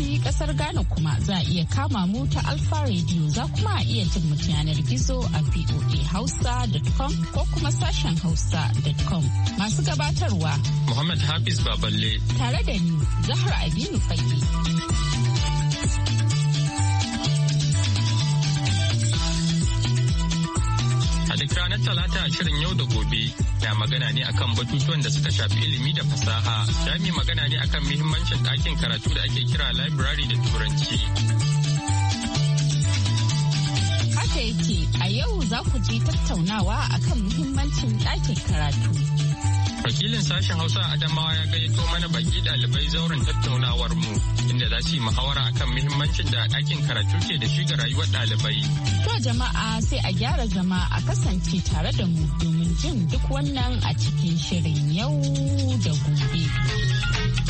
su kasar Ghana kuma za a iya kama mu ta Alfa Radio za kuma a iya jin mu yanar gizo a voahausa.com ko kuma sashen hausa.com. Masu gabatarwa Muhammad Hafiz Baballe tare da ni Zahra Aminu Fage. duk ranar talata shirin yau da gobe na magana ne akan batutuwan da suka shafi ilimi da fasaha jami magana ne akan muhimmancin ɗakin karatu da ake kira library da turanci haka yake a yau za ku ji tattaunawa akan muhimmancin ɗakin karatu Wakilin sashen Hausa Adamawa ya gayyato mana baki ɗalibai zauren tattaunawar mu inda za su yi muhawara akan muhimmancin da dakin karatu ke da shi ga rayuwar ɗalibai. To jama'a sai a gyara zama a kasance tare da mu domin jin duk wannan a cikin shirin yau da gobe.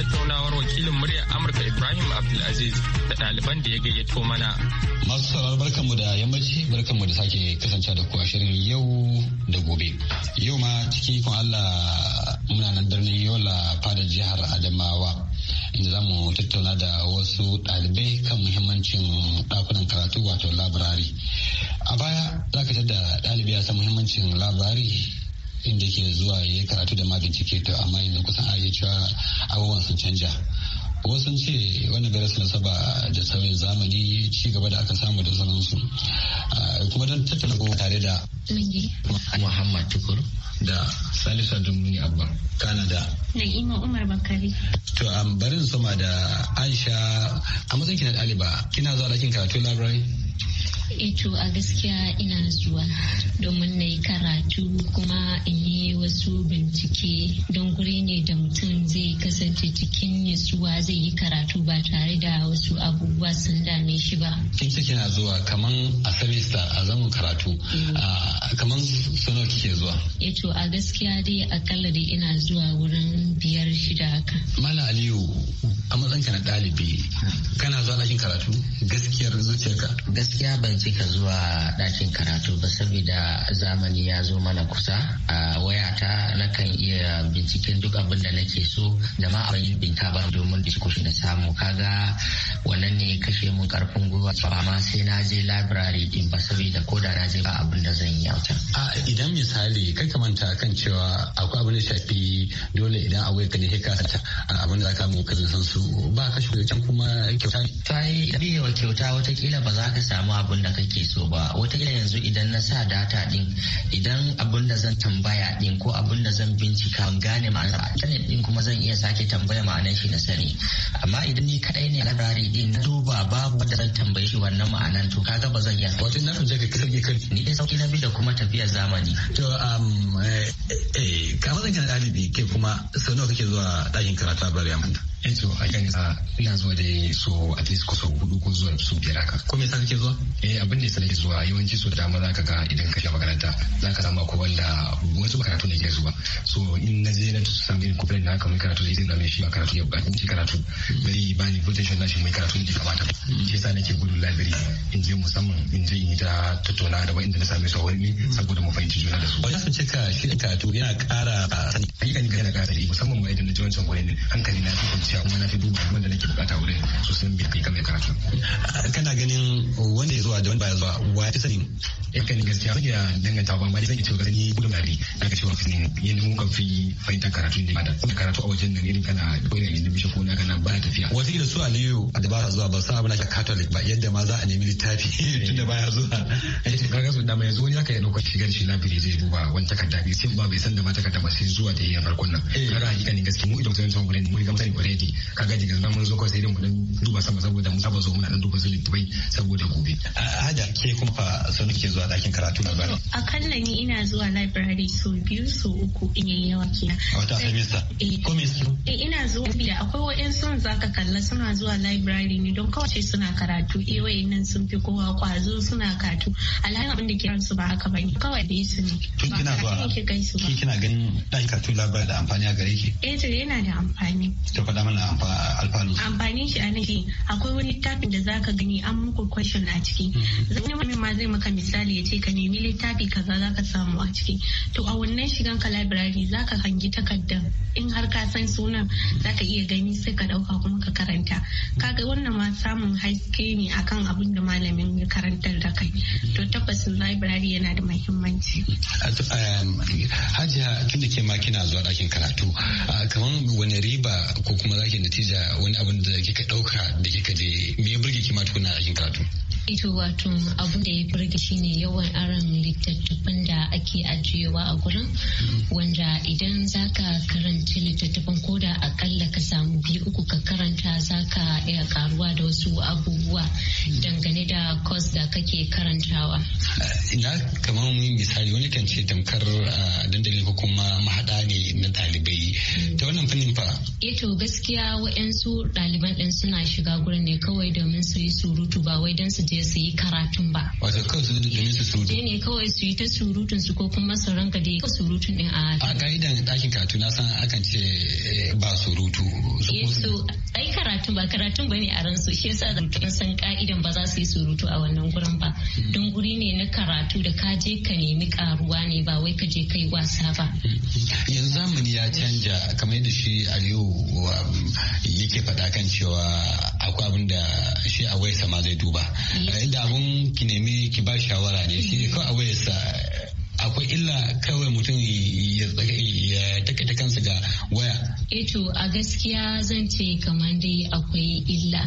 tattaunawar wakilin muryar Amurka Ibrahim Abdulaziz da ɗaliban da ya gayyato mana. Masu sauraro barkanmu da yammaci barkanmu da sake kasance da kuwa shirin yau da gobe. Yau ma cikin ikon Allah muna nan birnin Yola fadar jihar Adamawa inda zamu tattauna da wasu ɗalibai kan muhimmancin ɗakunan karatu wato labarari. A baya za ka da ɗalibai ya san muhimmancin labarari inda ke zuwa ya karatu da magance bincike to amma yanzu kusan a iya cewa abubuwan sun canja wasu sun ce wannan garas nasaba da sauyin zamani ci gaba da aka samu da sauransu ah, kuma don tattala ko tare da muhammad tukur da salisa dumuni abba Canada. na'ima umar bakari to am barin sama da aisha a matsayin kina ɗaliba kina zuwa ɗakin karatu library Eto a gaskiya ina zuwa domin na yi karatu kuma in yi wasu bincike don guri ne da mutum zai kasance cikin nutsuwa zai yi karatu ba tare da wasu abubuwa sun dame shi ba. In kina zuwa kaman a semester a zaman karatu mm. kaman suna kike zuwa? Eto a gaskiya dai akalla dai ina zuwa wurin biyar shida haka. Mala Aliyu a matsayinka na ɗalibi kana zuwa ɗakin karatu gaskiyar zuciyarka? Gaskiya ban cika zuwa ɗakin karatu ba saboda zamani ya zo mana kusa a wayata kan iya binciken duk abin da nake so da ma yi binta ba domin diskushin na samu kaga wannan ne kashe mun karfin gwiwa ba ma sai na je library din ba saboda ko da na je ba abin da zan yi a can. a idan misali kai ka manta kan cewa akwai abin da shafi dole idan a ka ne ka sata abin da ka muka zan san su ba ka shi kuma kyauta. ta yi kyauta watakila ba za ka samu abin da da kake so ba wataƙila yanzu idan na sa data din idan abun da zan tambaya din ko abun da zan bincika ban gane ma'ana a internet din kuma zan iya sake tambaya ma'anar shi na sani amma idan ni kadai ne labari din na duba babu wanda zan tambaye shi wannan ma'anar to kaga ba zan iya wajen nan fahimce ka kirge kan ni dai sauki na bi da kuma tafiyar zamani to um eh zan matsayin dalibi ke kuma sau nawa kake zuwa dakin karatu a Bariya eto eh, a sa ina zuwa da so at least so hudu ko zuwa su biyar haka ko me yasa kake zuwa eh abin da sai zuwa yawanci so dama zaka ga idan ka shiga makaranta zaka samu ko wanda wasu karatu ne ke zuwa so in na je na tusa min ko na haka mun karatu idan na mai shi karatu ya bukatun shi karatu bari ba ni potential na shi mai karatu ne kamata shi yasa nake gudu library in je musamman in je in ta tattauna da wanda na same su a wurin saboda mu fahimci juna da su. Wajen sun ce ka shi karatu yana ƙara wurin hankali na fi kwanciya kuma na fi duba wanda nake bukata wurin so sun bi kai kamar karatu kana ganin wanda ya zuwa da wanda baya zuwa wa ya fi sani eh kan gaskiya a iya danganta ba amma zan iya cewa gani gudun mari na ga cewa ne yin mun kan fi fahimtar karatu ne ma da karatu a wajen nan irin kana koyar da bishe ko na kana ba tafiya wata da su aliyu da ba zuwa ba sa ba yadda ma za a nemi littafi tunda baya zuwa eh, kaga su da mai zuwa ya kai lokaci shigar shi labiri zai duba wani takarda bai sai ba bai san da ma takarda ba sai zuwa da yayin farkon nan eh. kaga hakikanin gaskiya mu idan wajen jan gure mun gamsa ne kwarai ke kaga daga nan mun zo kawai sai mu dan duba sama saboda mun saba zo muna dan duba su littafai saboda gobe hada ke kuma fa sun ke zuwa dakin karatu na bana akalla ni ina zuwa library so biyu so uku in yayi yawa kina wata semester eh. ko me eh, ina zuwa biya akwai wa'en sun zaka kalla suna zuwa library ne don kawai suna karatu eh nan sun fi kowa kwazo suna karatu alhalin abin da ke su ba haka bane kawai dai su ne kina zuwa kina ganin dakin karatu labar da amfani a gare ki eh to yana da da amfani. Ki faɗa mana alfanu. Amfanin shi a nan shi akwai wani littafin da za ka gani an muku question a ciki. Mhm. Wani ma zai maka misali ya ce ka nemi littafi kaza ka samu a ciki. To a wannan shigan ka library ka hangi takardar in har ka san sunan za ka iya gani sai ka ɗauka kuma ka karanta. Ka ga wannan ma samun haske ne akan abin da malamin ya karantar da kai. To tabbas library yana da muhimmanci. Hajiya da ke ma kina zuwa ɗakin karatu kamar wani riba ko kuma zaki natija wani abin da kika dauka da kika je me ya burge ki ma tukuna karatu ito wato abun da ya burge shine yawan aran littattafan da ake ajiyewa a gurin mm-hmm. wanda idan zaka karanta littattafan ko da akalla ka samu biyu uku ka karanta zaka iya karuwa da wasu abubuwa dangane da course da kake karantawa? Ina kamar mun misali wani kan ce tamkar dandali ko kuma mahaɗa ne na ɗalibai. Hmm. Ta wannan fannin fa? Ya eh to gaskiya waɗansu ɗaliban ɗin suna shiga gurin ne kawai domin su yi surutu ba wai don su je su yi karatun ba. Wato kawai su domin su surutu? Je ne kawai su yi ta surutun su ko kuma su ranka da surutun ɗin a. A ka'idan ɗakin karatu na san akan ce eh, ba surutu. Ya eh to ai karatun ba karatun ba ne a ransu shi yasa da san ka'idan ba za su yi surutu. surutu a wannan gurin ba mm. don guri ne na karatu da ka je ka nemi karuwa ne ba wai ka je kai wasa ba mm. yanzu zamani ya canja kamar yadda shi aliyu um, yake faɗa kan cewa akwai abin da shi a wayarsa ma zai duba da abun ki nemi ki ba shawara ne shi ne kawai a wayarsa akwai illa kawai mutum ya takaita kansa ga waya. Eto eh a gaskiya zan ce kamar dai akwai illa.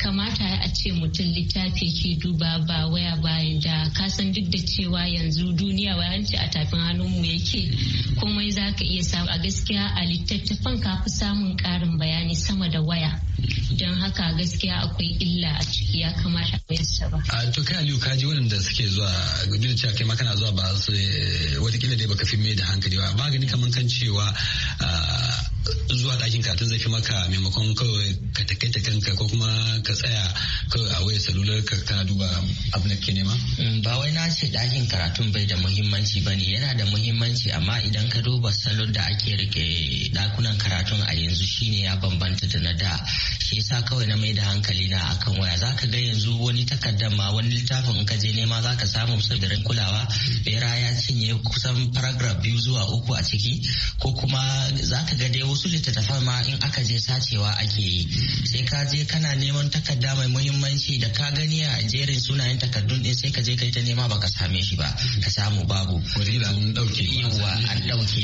Kamata a ce mutum littafi ke duba ba waya bayan da kasan duk da cewa yanzu duniya wayanci a tafin hannunmu yake komai za ka iya samu a gaskiya a littattafan ka fi samun karin bayani sama da waya. Don haka gaskiya akwai illa a ciki ya kamata a ba. A to kai Aliyu kaji waɗanda suke zuwa gudun da cewa kai ma kana zuwa ba su Eh, watakila dai baka fi mai da hankali ba ba gani kaman kan cewa ah, zuwa ɗakin katin zai fi maka maimakon kawai ka takaita kanka ko kuma ka tsaya kawai a waya salular ka ka duba abu da ke nema? Mm, ba wai na ce ɗakin karatun bai da muhimmanci ba ne yana da muhimmanci amma idan ka duba salon da ake rike ɗakunan karatun a yanzu shine ya bambanta da na da shi yasa kawai na mai da hankali na akan waya zaka ga yanzu wani takardar ma wani littafin in ka je nema zaka samu sabirin kulawa bera ya cinye kusan paragraph biyu zuwa uku a ciki ko kuma za ka ga dai wasu littattafan ma in aka je sacewa ake yi sai ka je kana neman takarda mai muhimmanci da ka gani a jerin sunayen takardun din sai ka je kai ta nema baka same shi ba ka samu babu kwarila an dauke yawa an dauke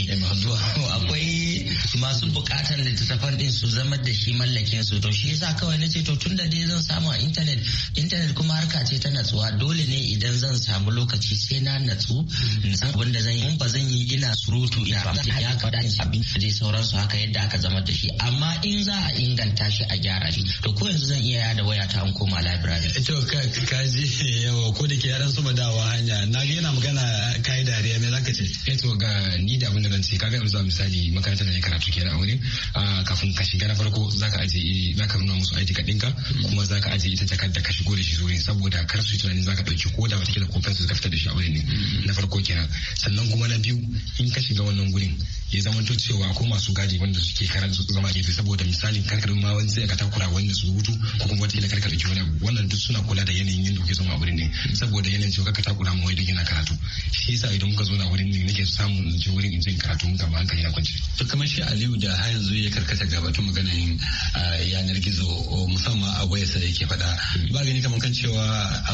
akwai masu bukatan littattafan din su zama da shi mallakin su to shi yasa kawai nace to tunda dai zan samu a internet internet kuma harka ce ta natsuwa dole ne idan zan samu lokaci sai na natsu in san abin da zan yi ba zan yi ina surutu ina ba ya da abin da sauransu haka yadda aka zama da shi amma in za a inganta shi a gyara shi to ko yanzu zan iya yada waya ta an koma library to ka ji yawa ko da ke yaran su dawa hanya na ga yana magana kai dariya me zaka ce eh to ga ni da abin da zan ce kaga yanzu misali makarantar da ya karatu kenan a kafin ka shiga na farko zaka aje zaka nuna musu aiki ka dinka kuma zaka aje ita takarda ka shigo da shi zuri saboda kar su tunanin zaka dauki ko da wata kila ko ka fita da shi a wurin ne na farko kenan sannan kuma na biyu in ka shiga wannan gurin ya zama to cewa Ko masu gadi wanda suke karan su zama gefe saboda misalin karkarin ma wani zai ka takura wanda su hutu ko kuma wata karkar ki wani abu wannan duk suna kula da yanayin yadda kuke zama a wurin ne saboda yanayin cewa ka takura mu wani yana karatu shi yasa idan muka zo na wurin ne nake samun in je wurin in je karatu mun kama hankali na kwance to kamar shi Aliyu da har yanzu ya karkata magana maganin yanar gizo musamman a sa yake faɗa ba gani kamar kan cewa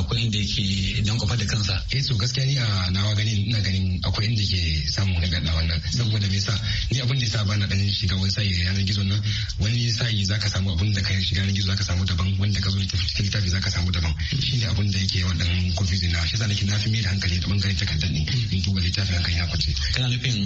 akwai inda yake dan kwafa da kansa eh so gaskiya ni a nawa ganin ina ganin akwai inda ke samun na wannan saboda me yasa ni abin da sa ba na dan shiga wani sa'i yanar gizo nan wani sa'i zaka samu abun da ka shiga yanar gizo zaka samu daban wanda ka zo cikin littafi zaka samu daban shine abun da yake wannan confusion na shi yasa na fi mai da hankali da bangaren takardar ne in duba littafin hankali ya kwace kana nufin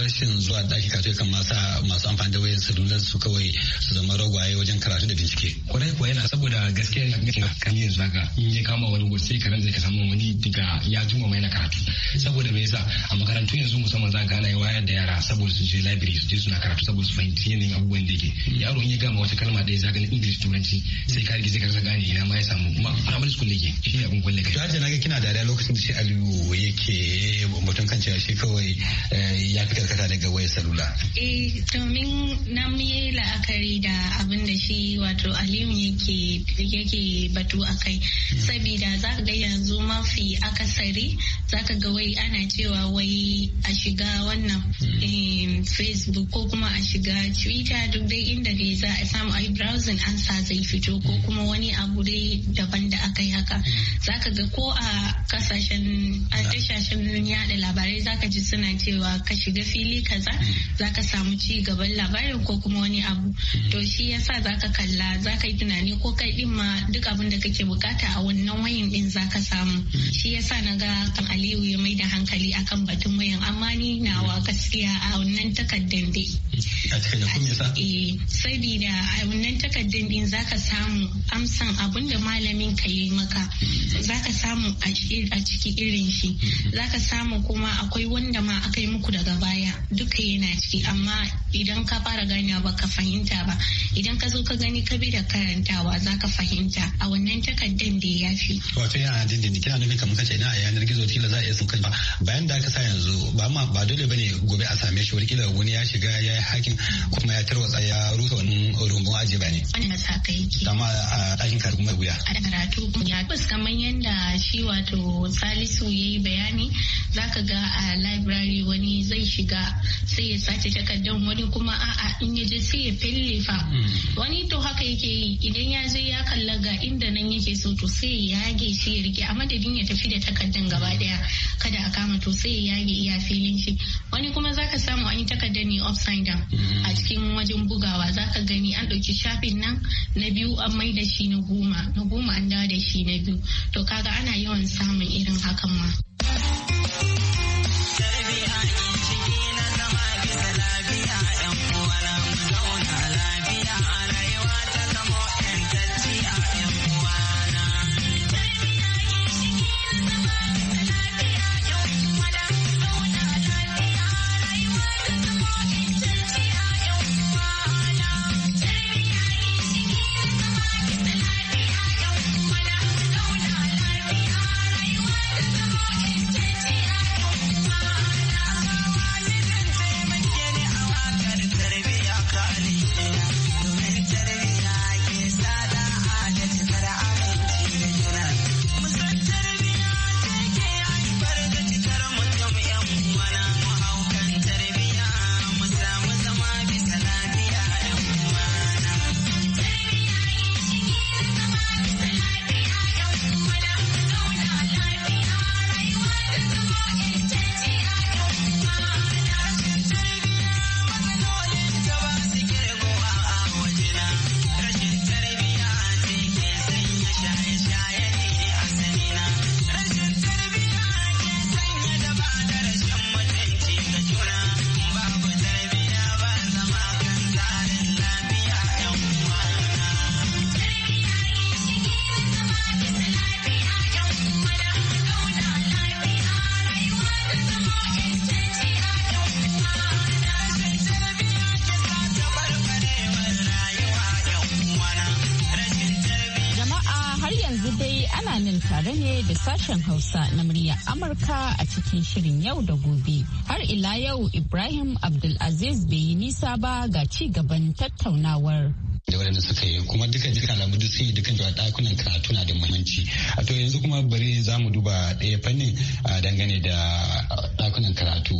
rashin zuwa daki karatu kan masa masu amfani da wayan salular su kawai su zama ragwaye wajen karatu da bincike kwarai kuwa yana saboda gaskiya kan yin zaka in ya kama wani gurse karen zai ka samu wani diga ya juma mai na karatu saboda me yasa a makarantu yanzu musamman za ga ana wayar da yara saboda su je library English je suna karatu saboda su fahimci yanayin abubuwan da ke yaro in ya gama wata kalma ɗaya zaganin english turanci sai ka rigisa karsa gane ina ma ya samu kuma primary school ne shi ne abin kwalle kai na ga kina dariya lokacin da shi aliyu yake mutum kan cewa shi kawai eh, ya fi karkata daga wayar salula eh domin na mu yi la'akari da abin da shi wato aliyu yake yake batu a kai sabida za ka ga yanzu mafi akasari za ka ga wai ana cewa wai a shiga wannan face eh, facebook ko kuma a shiga twitter duk dai inda dai za a samu ai browsing ansa zai fito ko kuma wani abu dai daban da aka yi haka zaka ga ko a kasashen a tashashen yada labarai zaka ji suna cewa ka shiga fili kaza zaka samu ci gaban labarin ko kuma wani abu to shi yasa zaka kalla zaka yi tunani ko kai din ma duk abin da kake bukata a wannan wayan din zaka samu shi yasa na ga kan Aliyu ya mai da hankali akan batun wayan amma ni nawa gaskiya a wannan takardar dambe. A cikin eh, Sabida a wannan takardar din ka samu amsan abin da malamin ka yi maka. za ka samu a ciki irin shi. za ka samu kuma akwai wanda ma aka yi muku daga baya duka yana ciki amma idan ka fara ganewa ba ka fahimta ba idan ka zo ka gani ka bi da karantawa za ka fahimta a wannan takardar da ya fi. Wato yana dindini kina nufin kamar kace ina a yanar gizo kila za a iya sun ba bayan da aka sa yanzu ba ma ba dole bane gobe a same shi wani kila wani ya shiga ya yi hakin kuma ya tarwatsa ya rusa wani rumbun aji ba Wani na sa kai ke. Kama a ɗakin karatu mai wuya. A karatu ya tabbas kamar yadda shi wato Salisu ya yi bayani za ka ga a library wani zai shiga sai ya sace takardar wani kuma a'a in ya je sai ya fillifa. Hmm. Wani to haka yake yi idan ya je ya kalla ga inda nan yake so to sai ya yage shi ya rike a madadin ya tafi da takardar gaba daya kada a kama to sai ya yage iya filin shi. Wani kuma za ka samu an yi takardar ne upside down a mm-hmm. cikin wajen bugawa za ka gani an ɗauki shafin nan na biyu an mai da shi na goma na goma an dawo da shi na biyu to kaga ana yawan samun irin hakan ma. tare ne da sashen Hausa na murya Amurka a cikin shirin yau da gobe. Har ila yau Ibrahim Abdulaziz bai yi nisa ba ga ci gaban tattaunawar. da wadanda suka yi kuma duka duka alamu duk sun yi dukkan karatu na da muhimmanci a to yanzu kuma bari za mu duba daya fannin dangane da dakunan karatu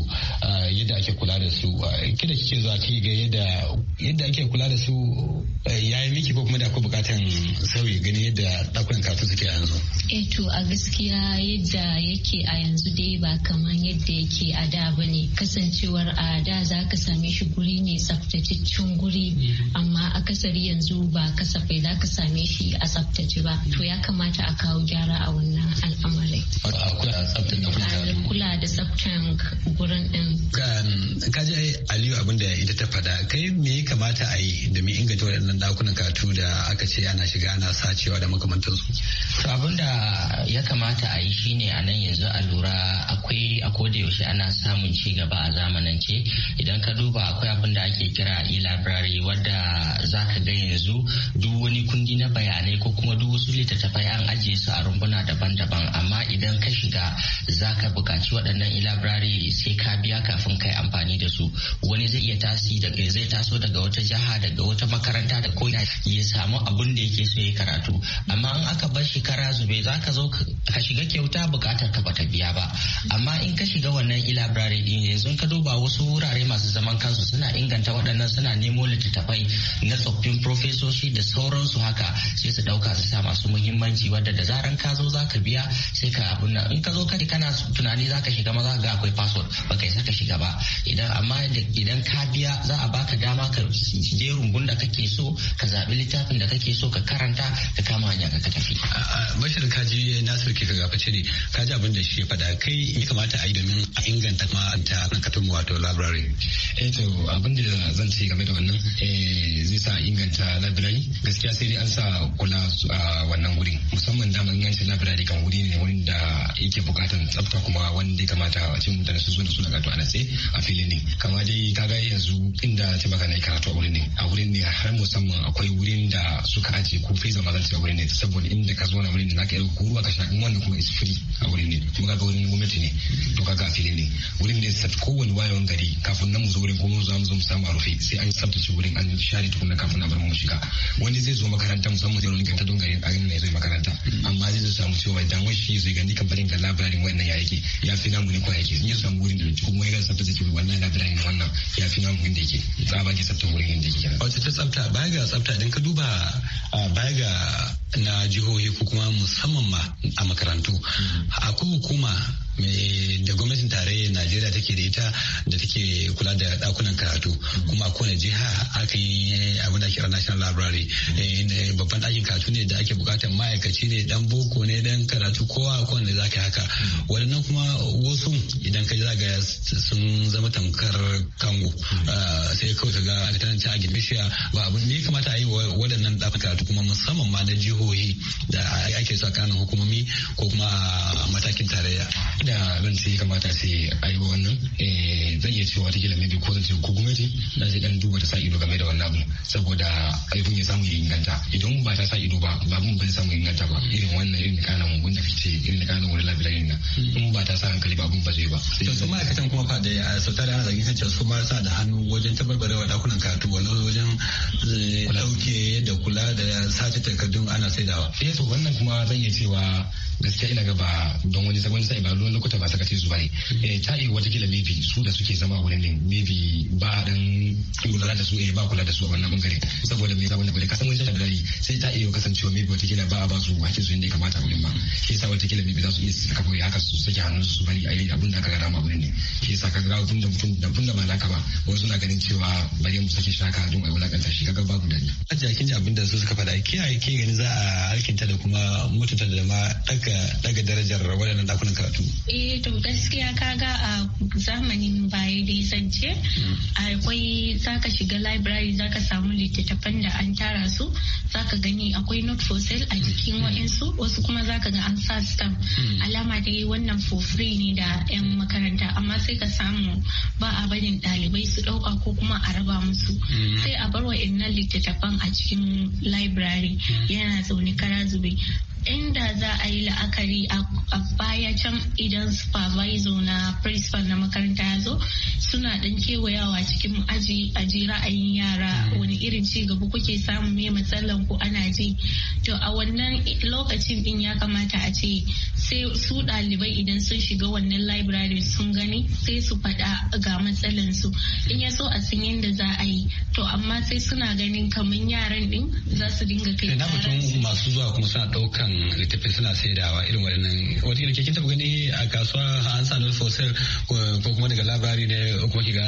yadda ake kula da su kida kike zuwa ki ga yadda yadda ake kula da su yayi miki ko kuma da akwai bukatan sauyi gani yadda dakunan karatu suke yanzu eh to a gaskiya yadda yake a yanzu dai ba kamar yadda yake a da bane kasancewar a da zaka same shi guri ne tsaftataccen guri mm-hmm. amma akasari yanzu ba kasafai za ka same shi a tsaftace ba to ya kamata a kawo gyara a wannan al'amari kula da tsaftan gurin din. kaji aliyu abin da ita ta fada kai me ya kamata a yi domin inganta waɗannan ɗakunan katu da aka ce ana shiga ana sacewa da makamantansu. to abin da ya kamata a yi shine a nan yanzu a lura akwai a koda yaushe ana samun ci gaba a zamanance idan ka duba akwai abin da ake kira e-library wadda za ka gan yanzu duk wani kundi na bayanai ko kuma duk wasu littattafai an ajiye su a rumbuna daban-daban amma idan ka shiga za ka buƙaci waɗannan ilabrari sai ka biya kafin kai amfani da su wani zai iya tasi daga zai taso daga wata jiha daga wata makaranta da ko ya samu abun da yake so ya karatu amma in aka bar shi kara zube za ka zo ka shiga kyauta buƙatar ka bata biya ba amma in ka shiga wannan ilabrari din yanzu ka duba wasu wurare masu zaman kansu suna inganta waɗannan suna nemo littattafai na tsoffin cikin profesoshi da sauransu haka sai su dauka su sa masu muhimmanci wadda da zaran ka zo zaka biya sai ka abunna in ka zo kadi kana tunani zaka shiga ma zaka ga akwai password ba kai ka shiga ba idan amma idan ka biya za a baka dama ka je rungun da kake so ka zabi littafin da kake so ka karanta ka kama hanya ka tafi bashir kaji na soke ka gafa ne kaji abin da shi ya faɗa kai ya kamata a yi domin a inganta ma ta katon wato library eh to abin da zan ce game da wannan eh, zai sa inganta inganta labirari gaskiya sai dai an sa kula a wannan wuri musamman daman ingancin labirari kan wuri ne wanda yake bukatan tsafta kuma wanda ya kamata a cikin mutane su zo da su da gato a sai a filin ne kama dai kaga yanzu inda ta baka na karatu a wurin ne a wurin ne har musamman akwai wurin da suka aje ko fesa ma zan ce a wurin ne saboda inda ka zo na wurin ne zaka yi ruwa ka sha wannan kuma is free a wurin ne kuma kaga wurin gwamnati ne to kaga a filin ne wurin ne sa kowane wayewan gari kafin nan mu zo wurin kuma za mu zo mu samu a rufe sai an tsaftace wurin an share tukunna kafin nan kamar mu shiga wani zai zo makaranta musamman zai rinka ta dongare a yin zai makaranta amma zai samu cewa idan wani zai gani ka barin ga labarin wannan ya yake ya fi namu ne ko yake in ya samu wurin da duk kuma ya ga sabta zai wannan labarin wannan ya fi namu inda yake tsaba ke sabta wurin inda yake wato ta tsabta baya ga tsabta idan ka duba baya ga na jihohi ko kuma musamman ma a makarantu akwai hukuma da gwamnatin tarayyar najeriya take da ita da take kula da dakunan karatu kuma kowane jiha aka yi eh, abin da kira national library eh, babban ɗakin karatu ne da ake bukatar ma'aikaci ne dan boko ne dan karatu kowa kowane za ka haka waɗannan kuma wasu idan ka zaga sun zama tamkar kango ah, sai kawai ka ga alitanan a bishiya ba abin ne kamata a yi waɗannan ɗakin karatu kuma musamman ma na jihohi da ake sa kanin hukumomi ko kuma matakin tarayya da zan ce kamata sai a yi wannan eh, zan iya cewa watakila mai ko zan ce ko gwamnati na sai dan duba ta sa ido game da wannan abu saboda abin ya samu ya inganta idan ba ta sa ido ba ba mun ba samu inganta ba irin wannan irin da kana mun da fice irin da kana wani lafiya irin in ba ta sa hankali ba mun ba zai ba. to su ma'aikatan kuma fa da sau tare ana zargin cewa su ma sa da hannu wajen da dakunan karatu walau wajen dauke eh, da kula da sace takardun ana saidawa. eh to wannan kuma zan iya cewa gaskiya ina ga ba don wani sabon sa'i ba don wani lokuta ba sakatai zuwa ne hmm. eh, ta yi wata kila maybe su da suke zama wurin ne maybe ba dan kula da su eh ba kula da su a wannan bangare saboda me yasa wani bangare kasan wani da sai ta iya kasancewa maybe wata kila ba a ba su hakkin su inda ya kamata wurin ma shi yasa wata kila maybe za su iya su kafa haka su saki hannun su bane a yi abin da aka ga dama wurin ne shi yasa ka ga abin da mutum da abin da ba naka ba wasu na ganin cewa bari mu saki shaka don ai wulakanta shi kaga babu dani a kin ji abin da su suka faɗa kiyaye ke gani za a halkinta da kuma mutunta da ma daga darajar waɗannan dakunan karatu eh to gaskiya kaga a zamanin baya dai zance akwai zaka shiga library zaka samu littattafan da an tara su zaka gani akwai not for sale a jikin wa'insu wasu kuma zaka ga an sa stamp alama dai wannan for free ne da yan makaranta amma sai ka samu ba a barin ɗalibai su ɗauka ko kuma a raba musu sai a bar waɗannan littattafan a cikin library yana zaune kara zube inda za a yi la'akari a baya can idan supervisor na principal na makaranta ya zo suna dan kewayawa cikin aji aji ra'ayin yara wani irin ci gaba kuke samu me matsalan ku ana ji to a wannan lokacin din ya kamata a ce sai su ɗalibai idan sun shiga wannan library sun gani sai su faɗa ga matsalan su in ya so a san yadda za amma sai suna ganin kamar yaran din za su dinga kai na mutum masu zuwa kuma suna daukan littafi suna saidawa irin waɗannan wata ke kin taɓa gani a kasuwa an sa nan fosil ko kuma daga labari ne ko kuma kiga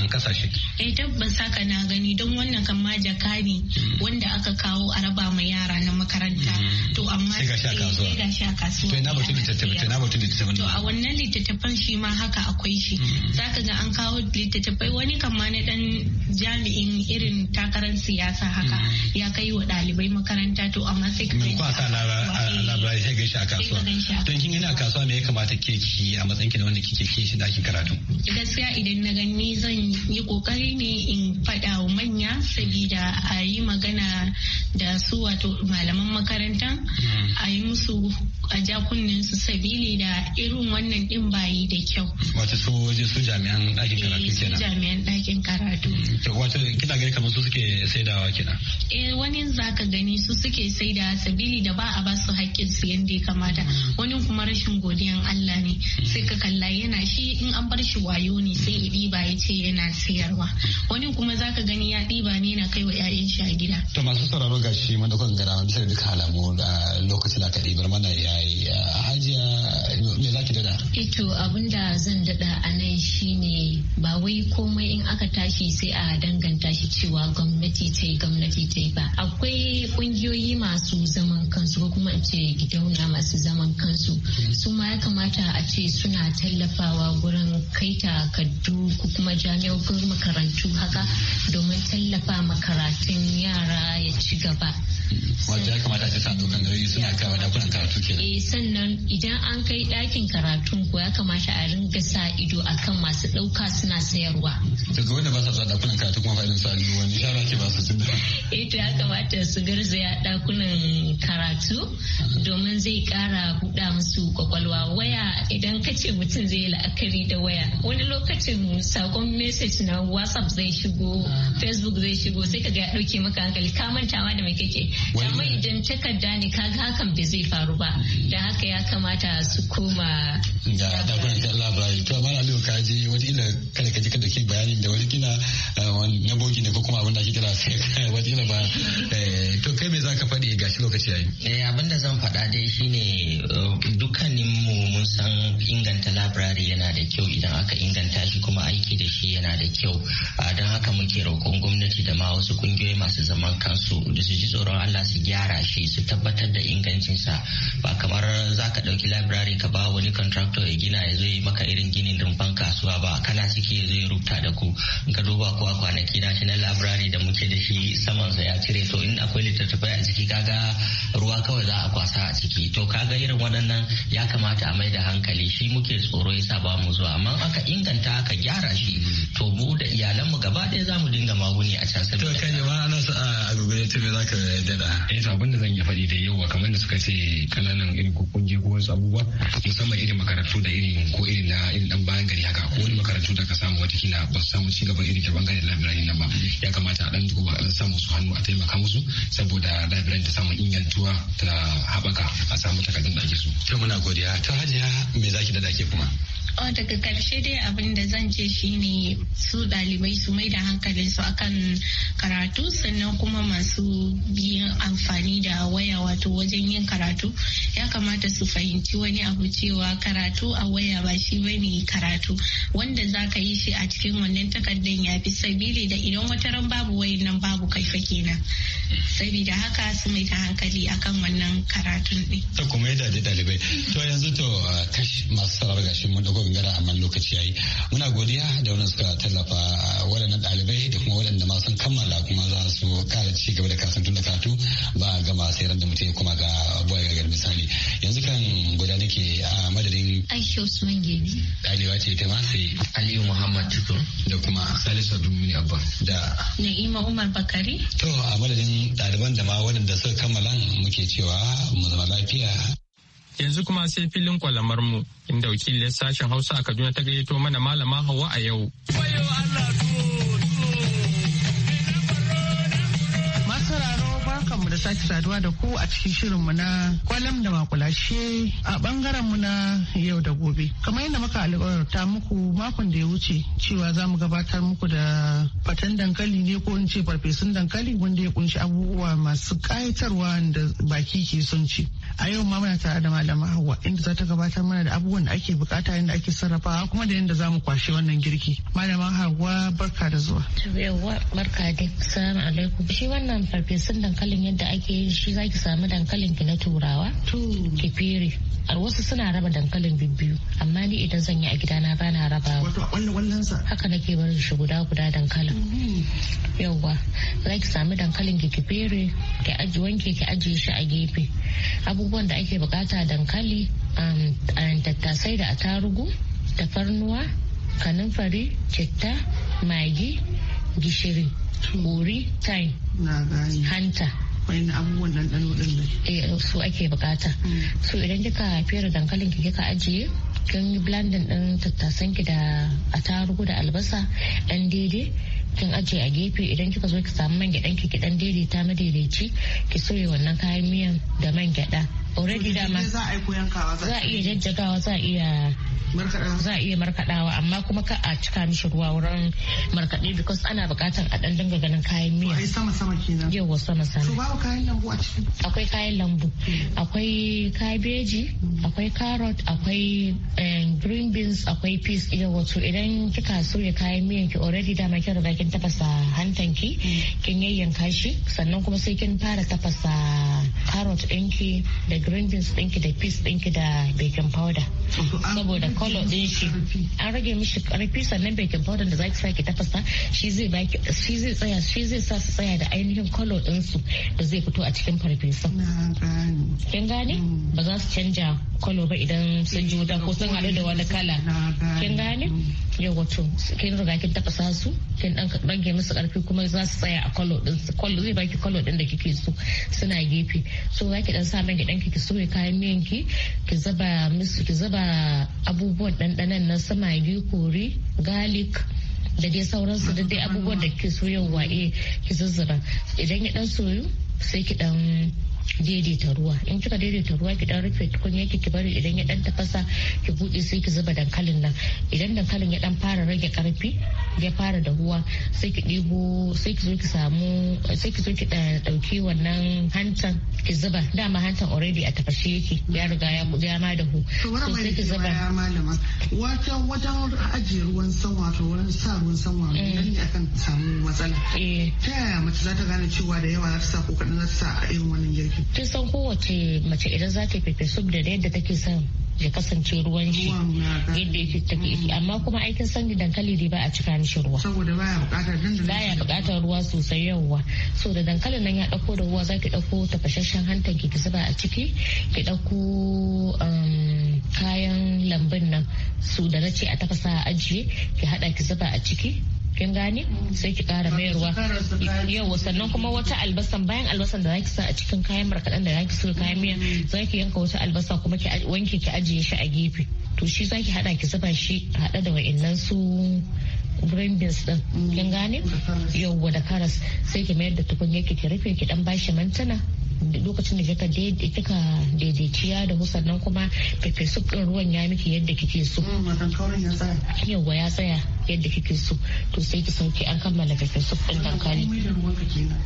an kasa shi eh tabbas haka na gani don wannan kan ma jaka ne mm. wanda aka kawo a raba ma yara na makaranta mm. to amma sai ga a kasuwa sai ga a kasuwa to ina batun littattafai to ina batun littattafai to a wannan littattafan shi ma haka akwai shi mm. zaka ga an kawo littattafai wani kan ma na dan jami'in irin irin takarar siyasa haka hmm. ya kai wa ɗalibai makaranta to amma sai ka ganshi labarai eh, sai gaishe a kasuwa don kin gani a kasuwa me ya kamata ke ki a matsayin ki na wanda kike ke shi ɗakin karatu gaskiya idan na gani zan yi kokari ne in faɗa wa manya sabida a yi magana da su wato malaman makarantan hmm. a yi musu a jakunan su sabili da irin wannan din bayi da kyau wato su su jami'an ɗakin karatu eh, kenan jami'an ɗakin karatu hmm. wato kina gani kamar su suke saidawa kenan eh wani zaka gani su suke saida sabili da ba a ba su haƙƙin su yanda ya kamata wani kuma rashin godiyan Allah ne sai ka kalla yana shi in an bar shi wayo ne sai ya ɗiba ya ce yana siyarwa wani kuma zaka gani ya ɗiba ne yana kai wa 'ya'yan shi a gida to masu sauraro ga shi mana gara bisa duka alamu lokacin da aka ɗibar mana yayi hajiya Ito abinda zan dada a nan shine ba wai komai in aka tashi sai a danganta shi cewa gwamnati ta yi gwamnati ta yi ba. Akwai kungiyoyi masu zaman kansu ko kuma ce gidauna masu zaman kansu. Su ma ya kamata a ce suna tallafawa gurin kai takardu ko kuma gurin makarantu haka domin tallafa makaratun yara ya ci gaba. wato ya kamata a ce suna ɗaukan nauyi suna kawo dakunan karatu ke Eh sannan idan an kai ɗakin karatun ko ya kamata a ringa sa ido akan masu ɗauka suna sayarwa. Daga wanda ba sa zuwa karatu kuma fadin sa aliyu wani shara ke ba su tun da. Eh to ya kamata su garzaya ɗakunan karatu domin zai kara buɗa musu kwakwalwa waya idan ka ce mutum zai yi la'akari da waya wani lokacin sakon message na whatsapp zai shigo ah. facebook zai shigo sai ka ga ya ɗauke maka hankali ka mantawa da mai kake da idan takarda ne kaga hakan bai zai faru ba da haka ya kamata su koma da dakunan kan labari to amma aliyu ka je wata ila kada ka je kada ke bayani da eh, wani kina na bogi ne ko kuma abin da ake kira wata ila ba eh, to kai me zaka faɗi shi lokaci yayi eh abin da zan faɗa dai shine eh, dukkanin mu mun san inganta labirari yana da kyau idan aka inganta shi kuma aiki da shi yana da kyau ah, don haka muke roƙon gwamnati da ma wasu kungiyoyi masu zaman kansu da su ji tsoron Allah su gyara shi su tabbatar da ingancinsa ba kamar za ka ɗauki labirari ka ba wani contractor ya gina ya zo yi maka irin ginin rumfan kasuwa ba kana ciki ya zo ya rubuta da ku in ka duba kuwa kwanaki na na library da muke da shi samansa ya cire to in akwai littattafai a ciki kaga ruwa kawai za a kwasa a ciki to kaga irin waɗannan ya kamata a mai da hankali shi muke tsoro ya sa ba mu zuwa amma aka inganta aka gyara shi to mu da iyalanmu gaba ɗaya za mu dinga maguni a can saboda to kai ma ana sa ah, a ta da da ya eh, sa abin da zan iya faɗi da yawa kamar da suka ce kananan irin ko kunje ko wasu abubuwa musamman irin makarantu da irin ko irin na irin dan bayan gari haka ko wani makarantu da ka samu wata kila ba su samu cigaba irin ta bangaren labirai nan ba ya kamata a dan ba a samu su hannu a taimaka musu saboda labirai ta samu ingantuwa ta haɓaka a samu takardun da ake so to muna godiya ta hajiya me zaki da dake kuma Oh, daga karshe dai abin da zan ce shine su ɗalibai su mai da hankalinsu akan karatu sannan kuma masu biyan yin amfani da waya wato wajen yin karatu ya kamata su fahimci wani abu cewa karatu a waya ba shi bane karatu wanda za ka yi shi a cikin wannan takardar ya fi sabili da idan wata ran babu wayan nan babu kaifa kenan sabida haka su mai ta hankali akan wannan karatun ne. ta kuma yadda da dalibai to yanzu to kashi masu sarar gashi mun dauko gangara amma lokaci yayi muna godiya da wannan suka tallafa waɗannan ɗalibai da kuma waɗanda ma sun kammala kuma za su kara ci gaba da kasantun da karatu ba a gama yaran da mutum kuma ga ga gari misali yanzu kan guda nake a madadin aisha usman gini. ɗalewa ce ta ma sai aliyu muhammad tukur da kuma salisu dumuni abba da na'ima umar bakari to a madadin ɗaliban da ma waɗanda suka kammala muke cewa mu zama lafiya yanzu kuma sai filin kwalamar mu inda wakilin sashen hausa a kaduna ta gayyato mana malama hawa a yau. Allah barkanmu da sake saduwa da ku a cikin shirin mu na kwalam da makulashe a bangaren mu na yau da gobe. Kamar yadda muka alƙawarta muku makon da ya wuce cewa za mu gabatar muku da fatan dankali ne ko in ce farfesun dankali wanda ya kunshi abubuwa masu ƙayatarwa da baki ke son ci. A yau ma muna tare da malama Hauwa inda za ta gabatar mana da abubuwan da ake bukata inda ake sarrafawa kuma da yadda za mu kwashe wannan girki. Malama Hauwa barka da zuwa. Yawwa barka alaikum. Shi wannan farfesun dankalin yadda ake yin shi za ki samu dankalin ki na turawa ki fere a wasu suna raba dankalin bibbiyu amma ni idan zan yi a gida na bana raba wa haka nake barin shi guda guda dankalin mm-hmm. yauwa za ki samu dankalin ki ki fere ki aji wanke ki ajiye shi a gefe abubuwan da ake bukata dankali um, um, tattasai da atarugu tafarnuwa kanunfari citta magi gishiri buri time hanta wayan abubuwan ɗanɗano ɗin eh, eh su ake bukata. So idan kika fere dankalin ki kika ajiye kin yi blandin ɗin tattasan ki da attarugu da albasa ɗan daidai kin ajiye a gefe idan kika zo ki samu man gyaɗan ki dan daidaita madaidaici ki soya wannan kayan miyan da man gyaɗa. Already dama. Za a iya jajjagawa za a iya za a iya markaɗawa amma kuma ka a cika mishi ruwa wurin markaɗe because ana buƙatar a ɗan dinga ganin kayan miya. Ai sama sama kenan. sama sama. babu kayan lambu a ciki. Akwai kayan lambu. Akwai kabeji, akwai carrot, akwai eh, green beans, akwai peas yawwa wato idan kika soya kayan miyan ki already dama kin riga kin tafasa hantanki mm. kin yayyanka shi sannan kuma sai kin fara tafasa carrot ɗinki da green beans ɗinki da peas ɗinki da baking powder saboda color ɗin shi an rage mishi karfi sannan baking powder da zaki saki tafasa shi zai baki shi zai tsaya shi zai sa su tsaya da ainihin color ɗin su da zai fito a cikin farfesun kin gane mm. ba za su canja kolo ba idan sun ji ko sun haɗu da wani kala kin gane mm. yau wato kin riga kin tafasa su kin dan rage musu karfi kuma za su tsaya a kwallo din su kwallo zai baki kwallo din da kike so suna gefe so za ki dan sa mai gidan ki soya kayan miyan ki ki zaba musu ki zaba abubuwan dandanan na sama biyu kore garlic da dai sauransu da dai abubuwan da ke soyarwa eh ki zazzara idan ya dan soyu sai ki dan daidaita ruwa in kika daidaita ruwa ki dan rufe tukunya ki ki bari idan ya dan tafasa ki bude sai ki zuba dankalin nan idan dankalin ya dan fara rage karfi ya fara da ruwa sai ki debo sai ki zo ki samu sai ki zo ki dauki wannan hantan ki zuba dama hantan already a tafashe yake ya riga ya ya ma da hu sai ki zuba ya malama wata wata ajiye ruwan sanwa to wurin sa ruwan sanwa mm. nan ne akan samu matsala eh ta yaya mace za ta gane cewa da yawa za ta sa ko za ta sa a irin wannan girki kin san kowace mace idan za ta fefe sub da yadda take son ya kasance ruwan shi yadda yake take amma kuma aikin san dankali dai ba a cika mishi ruwa saboda baya bukatar bukatar ruwa sosai yawa so da dankalin nan ya dauko da ruwa zaki dauko tafashashen hanta ki zuba a ciki ki dauko um, kayan lambun nan su da na ce a tafasa a ajiye ki hada ki zuba a ciki kin gane sai ki kara mayarwa yau sannan kuma wata albasan bayan albasan da zaki sa a cikin kayan markaɗan da zaki so kayan miya zaki yanka wata albasa kuma ki wanke ki ajiye shi a gefe to shi zaki hada ki zuba shi hada da wa'annan su green beans din kin gane yawwa da karas sai ki mayar da tukunya ki ki rufe ki dan bashi mantana lokacin da kika kika daidaiciya da sannan kuma pepe soup din ruwan ya miki yadda kike so yawwa mm, ya tsaya yadda kike so to sai ki sauke an kammala gasar sup din dankali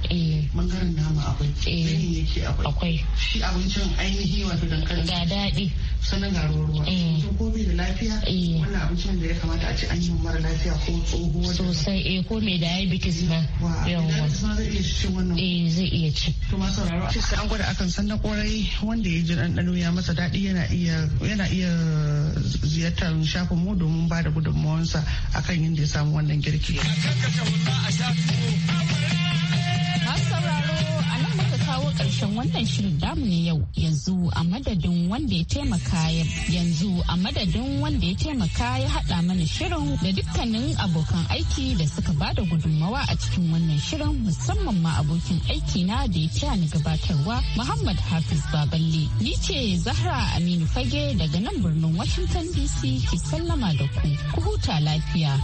eh bangaren nama akwai eh akwai Akwai. shi abincin ainihi wato dankali ga daɗi sannan ga ruwa ruwa eh. ko bai da lafiya eh. wannan abincin da ya kamata a ci an yi mara lafiya ko tsohuwa sosai eh ko mai diabetes ma yawa zai iya ci wannan eh zai iya ci to ma sauraro a cikin an gwada akan sannan kwarai wanda ya ji ɗanɗano ya masa daɗi yana iya yana iya ziyartar shafin mu domin ba da gudunmawansa akan akan yadda ya samu wannan girki. Masu sauraro kawo ƙarshen wannan shirin damu ne yau yanzu a madadin wanda ya taimaka ya yanzu a madadin wanda ya taimaka ya haɗa mana shirin da dukkanin abokan aiki da suka ba da gudunmawa a cikin wannan shirin musamman ma abokin aiki na da ya taya ni gabatarwa Muhammad Hafiz Baballe ni ce Zahra Aminu Fage daga nan birnin Washington DC ki sallama da ku ku huta lafiya.